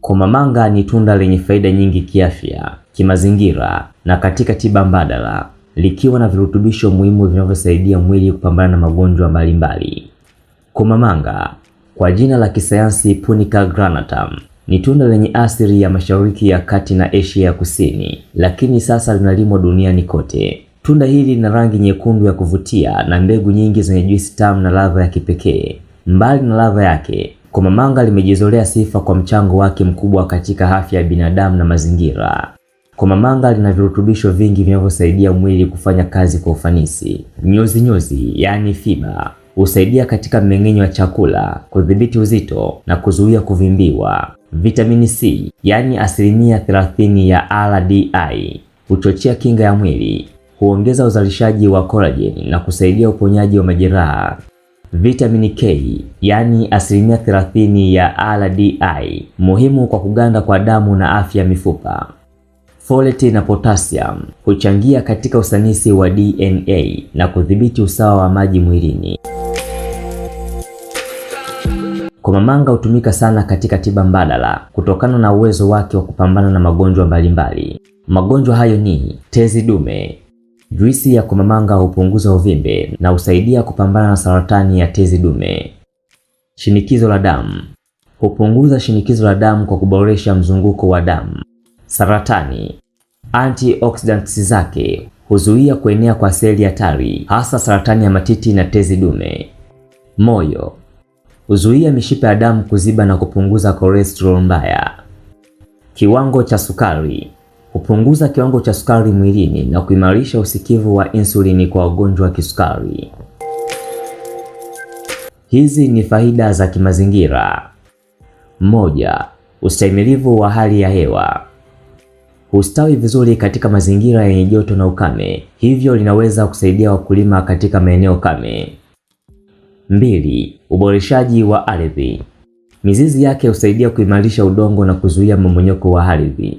Komamanga ni tunda lenye faida nyingi kiafya, kimazingira na katika tiba mbadala, likiwa na virutubisho muhimu vinavyosaidia mwili kupambana na magonjwa mbalimbali. Komamanga kwa jina la kisayansi Punica granatum ni tunda lenye asili ya Mashariki ya Kati na Asia ya Kusini, lakini sasa linalimwa duniani kote. Tunda hili lina rangi nyekundu ya kuvutia na mbegu nyingi zenye juisi tamu na ladha ya kipekee. Mbali na ladha yake, Komamanga limejizolea sifa kwa mchango wake mkubwa katika afya ya binadamu na mazingira. Komamanga lina virutubisho vingi vinavyosaidia mwili kufanya kazi kwa ufanisi. Nyuzinyuzi yaani fiba husaidia katika mmeng'enyo wa chakula, kudhibiti uzito na kuzuia kuvimbiwa. Vitamini C yaani asilimia 30 ya RDI huchochea kinga ya mwili, huongeza uzalishaji wa collagen na kusaidia uponyaji wa majeraha. Vitamini K yaani asilimia 30 ya RDI muhimu kwa kuganda kwa damu na afya mifupa. Folate na potassium huchangia katika usanisi wa DNA na kudhibiti usawa wa maji mwilini. Komamanga hutumika sana katika tiba mbadala kutokana na uwezo wake wa kupambana na magonjwa mbalimbali. Magonjwa hayo ni tezi dume, Juisi ya kumamanga hupunguza uvimbe na husaidia kupambana na saratani ya tezi dume. Shinikizo la damu hupunguza shinikizo la damu kwa kuboresha mzunguko wa damu. Saratani, antioxidants zake huzuia kuenea kwa seli hatari, hasa saratani ya matiti na tezi dume. Moyo huzuia mishipa ya damu kuziba na kupunguza cholesterol mbaya. Kiwango cha sukari hupunguza kiwango cha sukari mwilini na kuimarisha usikivu wa insulini kwa wagonjwa wa kisukari. Hizi ni faida za kimazingira. Moja, ustahimilivu wa hali ya hewa. Hustawi vizuri katika mazingira yenye joto na ukame, hivyo linaweza kusaidia wakulima katika maeneo kame. Mbili, uboreshaji wa ardhi. Mizizi yake husaidia kuimarisha udongo na kuzuia mmomonyoko wa ardhi.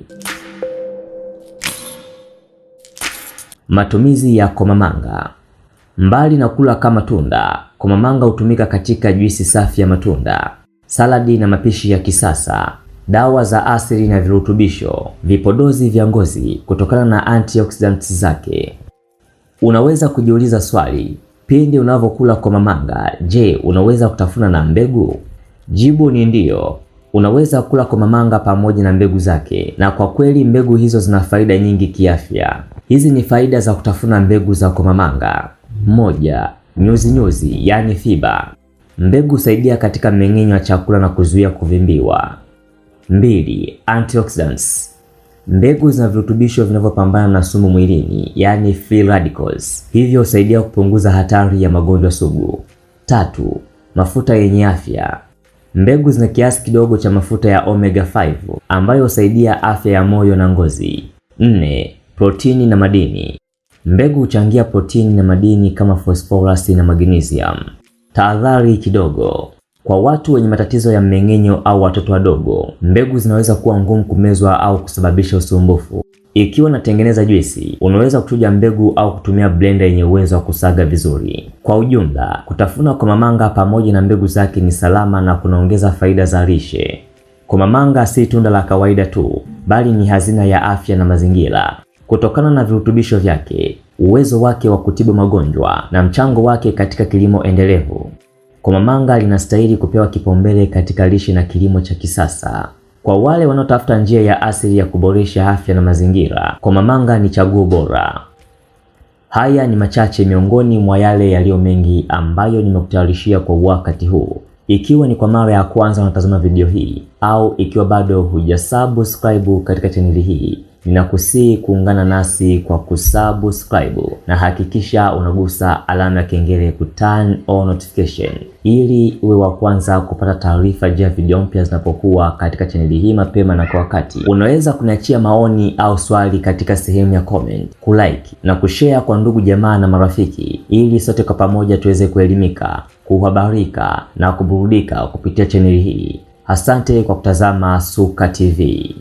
Matumizi ya komamanga. Mbali na kula kama tunda, komamanga hutumika katika juisi safi ya matunda, saladi na mapishi ya kisasa, dawa za asili na virutubisho, vipodozi vya ngozi kutokana na antioxidants zake. Unaweza kujiuliza swali, pindi unavyokula komamanga, je, unaweza kutafuna na mbegu? Jibu ni ndiyo. Unaweza kula komamanga pamoja na mbegu zake, na kwa kweli mbegu hizo zina faida nyingi kiafya. Hizi ni faida za kutafuna mbegu za komamanga. Moja, nyuzi nyuzi, yaani fiba. Mbegu husaidia katika mmeng'enyo wa chakula na kuzuia kuvimbiwa. Mbili, antioxidants. Mbegu zina virutubisho vinavyopambana na sumu mwilini, yani free radicals, hivyo husaidia kupunguza hatari ya magonjwa sugu. Tatu, mafuta yenye afya. Mbegu zina kiasi kidogo cha mafuta ya omega 5 ambayo husaidia afya ya moyo na ngozi. Nne, Protini na madini. Mbegu huchangia protini na madini kama phosphorus na magnesium. Tahadhari kidogo kwa watu wenye matatizo ya mmeng'enyo au watoto wadogo, mbegu zinaweza kuwa ngumu kumezwa au kusababisha usumbufu. Ikiwa unatengeneza juisi, unaweza kuchuja mbegu au kutumia blender yenye uwezo wa kusaga vizuri. Kwa ujumla, kutafuna komamanga pamoja na mbegu zake ni salama na kunaongeza faida za lishe. Komamanga si tunda la kawaida tu, bali ni hazina ya afya na mazingira kutokana na virutubisho vyake, uwezo wake wa kutibu magonjwa na mchango wake katika kilimo endelevu. Komamanga linastahili kupewa kipaumbele katika lishe na kilimo cha kisasa. Kwa wale wanaotafuta njia ya asili ya kuboresha afya na mazingira, komamanga ni chaguo bora. Haya ni machache miongoni mwa yale yaliyo mengi ambayo nimekutayarishia kwa wakati huu. Ikiwa ni kwa mara ya kwanza unatazama video hii au ikiwa bado hujasubscribe katika chaneli hii ninakusii kuungana nasi kwa kusubscribe na hakikisha unagusa alama ya kengele ku turn on notification ili uwe wa kwanza kupata taarifa juu ya video mpya zinapokuwa katika chaneli hii mapema na kwa wakati. Unaweza kuniachia maoni au swali katika sehemu ya comment, kulike na kushare kwa ndugu jamaa na marafiki, ili sote kwa pamoja tuweze kuelimika, kuhabarika na kuburudika kupitia chaneli hii. Asante kwa kutazama Suka TV.